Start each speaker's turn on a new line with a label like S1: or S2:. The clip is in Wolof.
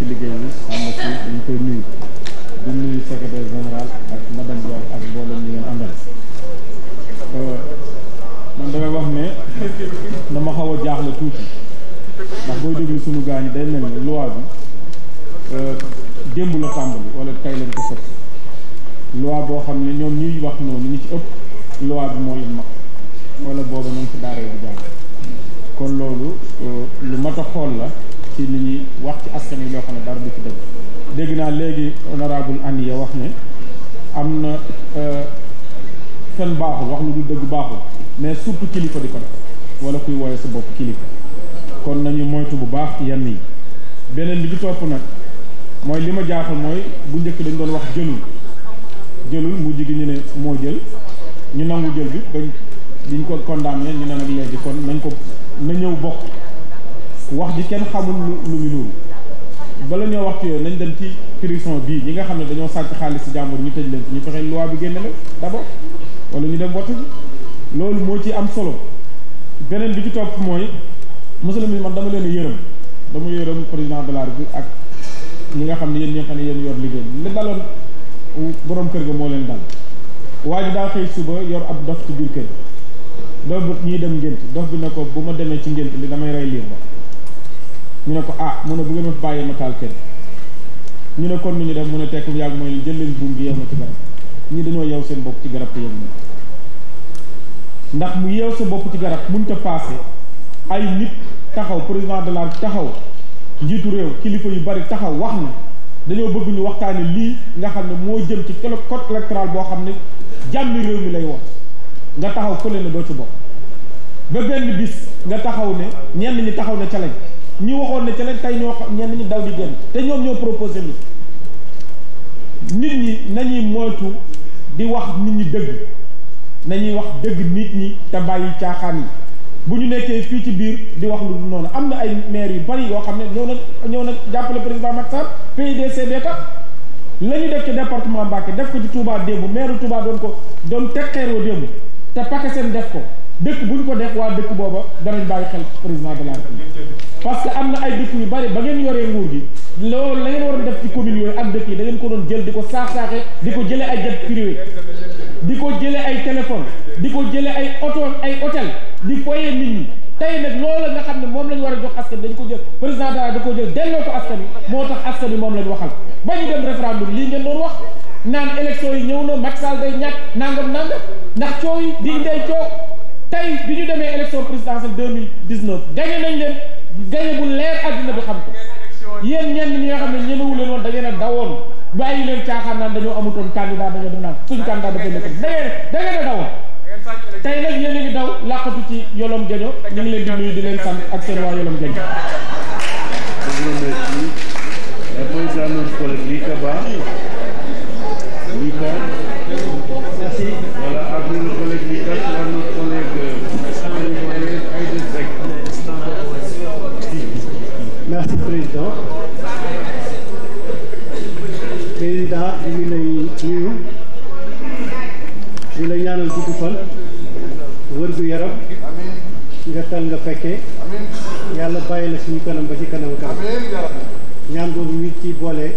S1: ci liggéey bi am na ci ñu koy nuyu di ak madame Dior ak mboolem ñu ngeen àndal euh, man damay wax ne dama xaw a jaaxle tuuti ndax booy déglu suñu gaa day mel ne loi bi euh, démb la tàmbali wala tey lañ ko sot loi boo xam ne ñoom ñuy wax noonu ñu ci ëpp loi bi moo leen mag wala booba nañ ci daara yi jàng kon loolu euh, lu mat a xool la ci li wax ci askan wi loo xam ne dara du ci dëgg dégg naa léegi honorable Aniya wax ne am na euh, fen baaxul wax lu du dëgg baaxul mais surtout kilifa di ko def wala kuy wooye sa bopp kilifa kon nañu moytu bu baax yenn yi beneen bi di topp nag mooy li ma jaaxal mooy bu njëkk dañ doon wax jëlul jëlul mujj gi ñi ne moo jël ñu nangu jël bi dañ diñ ko condamné ñu ne léegi kon nañ ko na ñëw bokk wax ji kenn xamul lu lu muy luuru bala ñoo wax ci yooyu nañ dem ci prison bii ñi nga xam ne dañoo sàcc xaalis si jàmbur ñu tëj leen ñu fexe loi bi génne la d'abord wala ñu dem wote loolu moo ci am solo beneen bi ci topp mooy musulmi man dama leen yërëm dama yërëm président de bi ak ñi nga xam ne yéen ñi xam ne yéen yor liggéey li daloon borom kër ga moo leen dal waa ji daa xëy suba yor ab dof ci biir kër dof ñuy dem ngént dof bi ne ko bu ma demee ci ngént li damay rey liir ñu ne ko ah mu ne bu ngeen ma bàyyee ma taal kër ñu ne kon nu ñu def mu ne tekk bu yàgg mooy jël leen buum gi yeew ma ci garab ñi dañoo yeew seen bopp ci garab te yeew ndax mu yeew sa bopp ci garab mënut a paase ay nit taxaw président de la taxaw njiitu réew kilifa yu bari taxaw wax na dañoo bëgg ñu waxtaane lii nga xam ne moo jëm ci kelo code boo xam ne jàmmi réew mi lay woon nga taxaw fële ne doo ci bopp ba benn bis nga taxaw ne ñenn ñi taxaw ne ca lañ ñu waxoon ne ca lañ tey ñoo ñenn ñi daw di génn te ñoom ñoo proposé lu nit ñi nañuy moytu di wax nit ñi dëgg nañuy wax dëgg nit ñi te bàyyi caaxaan yi bu ñu nekkee fii ci biir di wax lu noonu am na ay maire yu bari yoo xam ne ñëw na ñëw na jàppale président Macky Sall PIDC bee tax la ñu def ci département Mbacké def ko ci Touba démb maire Touba doon ko doon teqeeroo démb te pake seen def ko dëkk bu ñu ko def waa dëkk booba danañ bàyyi xel président de la parce que am na ay dëkk yu bari ba ngeen yoree nguur gi loolu la ngeen waroon def ci commune yooyu ak dëkk yi da ko doon jël di ko saax saaxe di ko jëlee ay jet privé di ko jëlee ay téléphone di ko jëlee ay oto ay hôtel di foyee nit ñi tey nag loolu nga xam ne moom la ñu war a jox askan dañu ko jël président dara ko jël delloo ko askan bi moo tax askan bi moom lañ waxal ba ñu dem référendum lii ngeen doon wax naan élection yi ñëw na Macky Sall day ndax coow yi di indee coow bi ñu demee élection présidentielle 2019 gagné nañ leen gañe bu leer àdduna bi xam ko yéen ñenn ñi nga xam ne ñemewu leen woon da ngeen dawoon bàyyi leen caaxaan naan dañoo amutoon candidat dañoo def naan suñu candidat dafay nekk da ngeen da ngeen a dawoon tey nag yéen a daw làqatu ci yolom jaño ñu ngi leen di nuyu di leen sant ak seen waa yolom jaño Je vous remercie. ñu ngi lay nuyu di la ñaanal gudd fan wër gu yaram nga tal nga fekkee yàlla bàyyi la suñu kanam ba ci kanam kanam ñaan boobu ñu ci boole